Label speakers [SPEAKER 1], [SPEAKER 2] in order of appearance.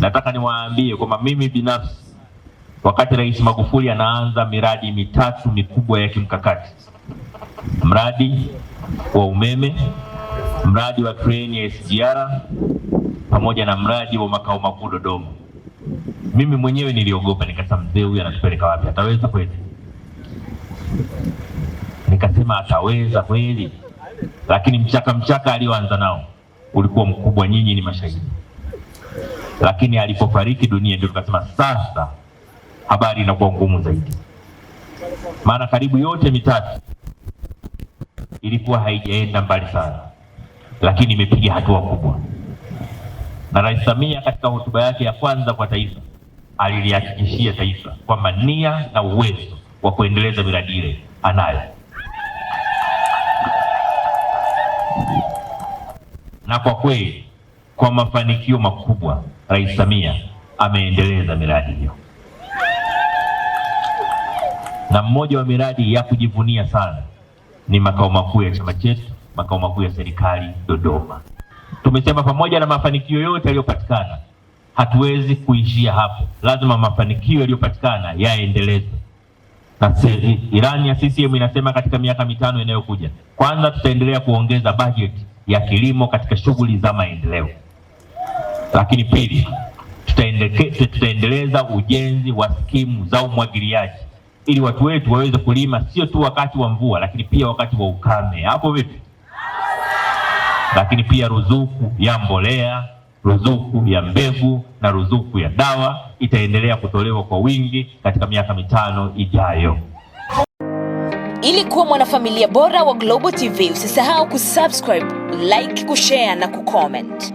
[SPEAKER 1] Nataka niwaambie kwamba mimi binafsi, wakati Rais Magufuli anaanza miradi mitatu mikubwa ya kimkakati, mradi wa umeme, mradi wa treni ya SGR pamoja na mradi wa makao makuu Dodoma, mimi mwenyewe niliogopa, nikasema mzee huyu anatupeleka wapi? Ataweza kweli? Nikasema ataweza kweli, lakini mchaka mchaka alioanza nao ulikuwa mkubwa, nyinyi ni mashahidi lakini alipofariki dunia ndio tukasema sasa habari inakuwa ngumu zaidi, maana karibu yote mitatu ilikuwa haijaenda mbali sana, lakini imepiga hatua kubwa. Na Rais Samia katika hotuba yake ya kwanza kwa taifa alilihakikishia taifa kwamba nia na uwezo wa kuendeleza miradi ile anayo, na kwa kweli kwa mafanikio makubwa Rais Samia ameendeleza miradi hiyo, na mmoja wa miradi ya kujivunia sana ni makao makuu ya chama chetu, makao makuu ya serikali Dodoma. Tumesema pamoja na mafanikio yote yaliyopatikana, hatuwezi kuishia hapo, lazima mafanikio yaliyopatikana yaendelezwe. Na ilani ya CCM inasema katika miaka mitano inayokuja, kwanza tutaendelea kuongeza bajeti ya kilimo katika shughuli za maendeleo. Lakini pili, tutaendeleza ujenzi wa skimu za umwagiliaji ili watu wetu waweze kulima sio tu wakati wa mvua, lakini pia wakati wa ukame. Hapo vipi? Lakini pia ruzuku ya mbolea, ruzuku ya mbegu na ruzuku ya dawa itaendelea kutolewa kwa wingi katika miaka mitano ijayo.
[SPEAKER 2] Ili kuwa mwanafamilia bora wa Global TV, usisahau kusubscribe, like, kushare na kucomment.